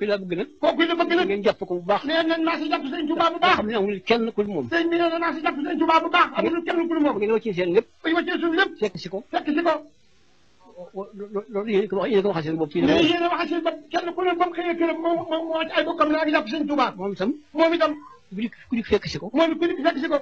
kuy la bëgg nag kooku kuy la bëgg nag ngeen jàpp ko bu baax nee na naa si jàpp sëñ Touba bu baax xam ne amul kenn ku moom sëñ bi nee na naa si jàpp sëñ Touba bu baax amul kenn ku moom ngeen wàccee seen lépp bañ wàccee suñu lépp fekk si ko fekk si ko loolu yéen ko wax yéen ko waxal seen bopp ci mais yéen a waxal seen bopp kenn ku ne ba mu xëyee këram moom moo ci ay bokkam naa ngi jàpp sëñ Touba moom itam moom itam ku dikk fekk si ko moom ku dikk fekk si ko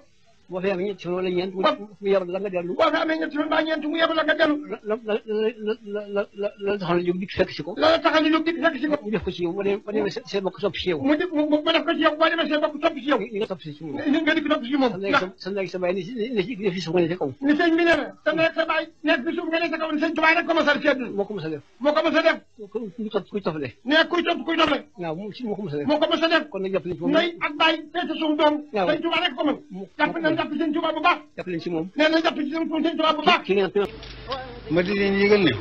boo fi amee ñetti fan wala ñeent. mu yebal la nga dellu. boo fi amee ñetti fan ba ñeent mu yebal la nga dellu. la la la la la la taxal jóg dikk fekk si ko. la la taxal jóg dikk fekk si ko. mu def ko ci yow ba demee seen bokk topp si yow. mu def mu def ko ci yow ba demee seen bokk topp si yow. nga topp si ci moom. nga dikk topp si moom. ndax sa nekk sa baay ni si suuf nga ne sa kaw. ni sëñ bi ne la sa nekk sa baay nekk si suuf nga ne sa kaw ni sëñ Tuubaa rek ko mos a def. moo ko mos a def. moo ko mos a def. kuy topp kuy toppale. ne kuy topp kuy toppale. waaw moo ko mos a def. moo ko mos a def. kon nag jàpp nañ ko. ndey ak baay feete suuf doom. waaw sëñ Tuubaa rek ko mën. jàpp nañ jàpp ci ci moom. nee na jàpp ci seen Tuubaa bu ma di leen yëgal ne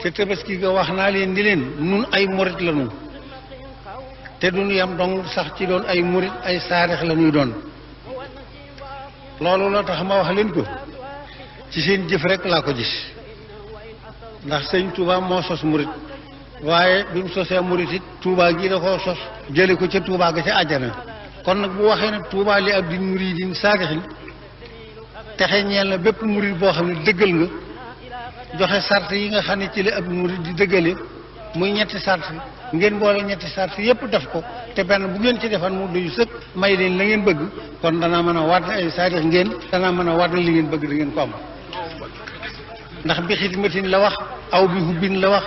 te tabaski ga wax naa leen di leen nun ay morit la ñu te duñu yam dong sax ci doon ay morit ay saarex la ñuy doon loolu la tax ma wax leen ko ci seen jëf rek laa ko gis ndax sëñ Touba moo sos murit waaye bi mu sosee murit it gi da koo sos jële ko ca Touba ga ca àjjana kon nag bu waxee ne tuubaa li abdin muridin saagaxin texe ñeel la bépp murid boo xam ne dëggal nga joxe sart yi nga xam ne ci la ab murid di dëggale muy ñetti sart ngeen boole ñetti sart yëpp def ko te benn bu ngeen ci defan mu duñu sëkk may leen la ngeen bëgg kon danaa mën a waat ay saadix ngeen danaa mën a waat na li ngeen bëgg da ngeen ko am ndax bi xidmatin la wax aw bi hubbin la wax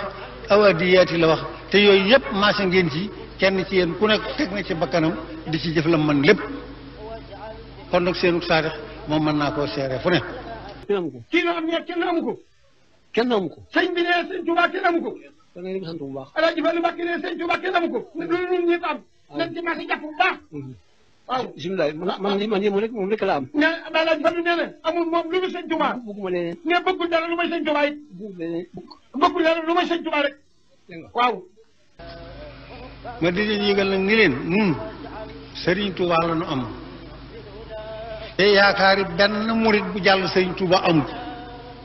aw addiyaati la wax te yooyu yëpp maase ngeen ci kenn ci yéen ku nekk teg na ci bakkanam di ci jëf la mën lépp kon nag seenu saadix moom mën naa koo seere fu ne. kenn amu ko kii nga kenn amu ko. bi nee sëñ Tuubaa kenn amu ko. da ngay sant bu baax. El Hadj Fallou Mbacké nee sëñ Tuubaa kenn amu ko. Mm-hmm. Mm-hmm. Mm-hmm. man man man rek moom rek la am. mais El moom lu mu sëñ Tuubaa. bëgguma leneen. mais bëggul dara lu may sëñ Tuubaa it. bëggul leneen. lu may sëñ Tuubaa rek. waaw. ma di leen yëgal nag ni leen nun sëriñ Touba la nu am te yaakaari benn murit bu jàll sëriñ tuuba amul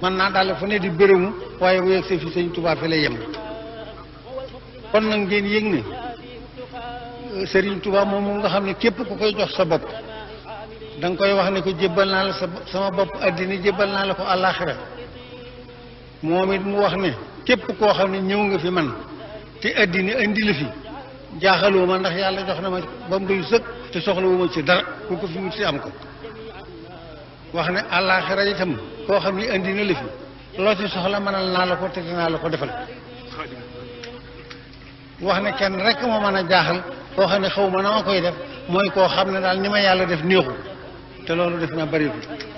man naa daale fu ne di bërëmu waaye bu yegsee fi sëriñ Touba fi lay yem kon nag ngeen yëg ne euh, sëriñ Touba moom nga xam ne képp ku koy jox sa bopp da koy wax ne ko jébbal naa la sama bopp àddina jébbal naa la ko àllaaxira moom it mu wax ne képp koo xam ne ñëw nga fi man te àddina indi la fi jaaxaloo ma ndax yàlla jox na ma ba mu doy sëkk soxla soxlawu ma ci dara ku ko fi wut si am ko wax ne àllaaxira itam koo xam ne indi na la loo ci soxla mënal naa la ko te dinaa la ko defal wax ne kenn rek moo mën a jaaxal koo xam ne xaw ma na ma koy def mooy koo xam ne daal ni ma yàlla def néexu te loolu def na bëriwul